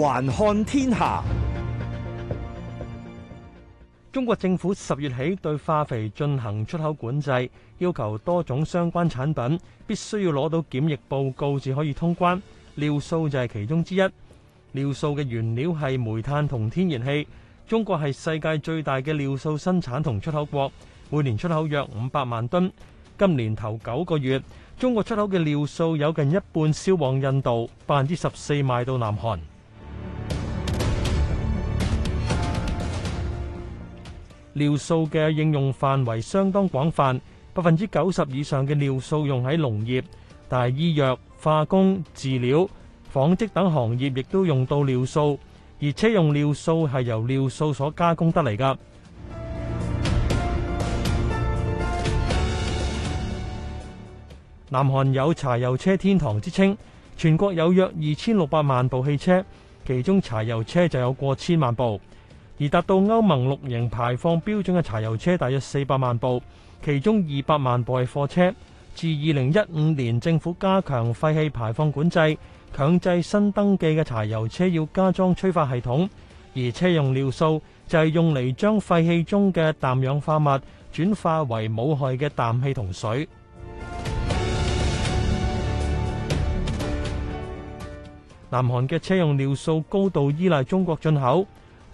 環看天下，中國政府十月起對化肥進行出口管制，要求多種相關產品必須要攞到檢疫報告，至可以通關。尿素就係其中之一。尿素嘅原料係煤炭同天然氣。中國係世界最大嘅尿素生產同出口國，每年出口約五百萬噸。今年頭九個月，中國出口嘅尿素有近一半銷往印度，百分之十四賣到南韓。尿素嘅應用範圍相當廣泛，百分之九十以上嘅尿素用喺農業，但係醫藥、化工、飼料、紡織等行業亦都用到尿素。而車用尿素係由尿素所加工得嚟㗎。南韓有柴油車天堂之稱，全國有約二千六百萬部汽車，其中柴油車就有過千萬部。而達到歐盟六型排放標準嘅柴油車大約四百萬部，其中二百萬部係貨車。自二零一五年政府加強廢氣排放管制，強制新登記嘅柴油車要加裝催化系統。而車用尿素就係用嚟將廢氣中嘅氮氧化物轉化為冇害嘅氮氣同水。南韓嘅車用尿素高度依賴中國進口。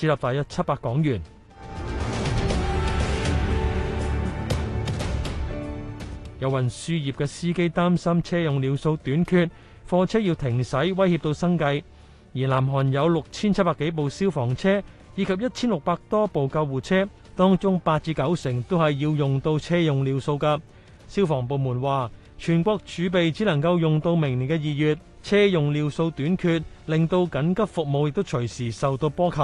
設立大約七百港元。有運輸業嘅司機擔心車用尿素短缺，貨車要停駛，威脅到生計。而南韓有六千七百幾部消防車以及一千六百多部救護車，當中八至九成都係要用到車用尿素㗎。消防部門話，全國儲備只能夠用到明年嘅二月，車用尿素短缺令到緊急服務亦都隨時受到波及。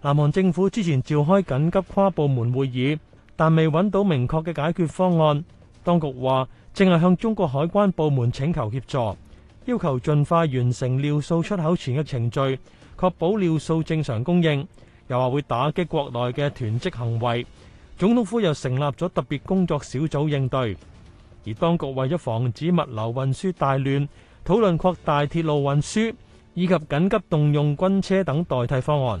南韓政府之前召開緊急跨部門會議，但未揾到明確嘅解決方案。當局話，正係向中國海關部門請求協助，要求盡快完成尿素出口前嘅程序，確保尿素正常供應，又話會打擊國內嘅囤積行為。總統府又成立咗特別工作小組應對，而當局為咗防止物流運輸大亂，討論擴大鐵路運輸，以及緊急動用軍車等代替方案。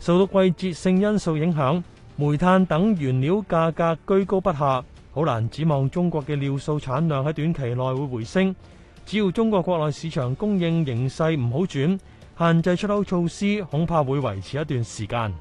受到季節性因素影響，煤炭等原料價格居高不下，好難指望中國嘅尿素產量喺短期內會回升。只要中國國內市場供應形勢唔好轉，限制出口措施恐怕會維持一段時間。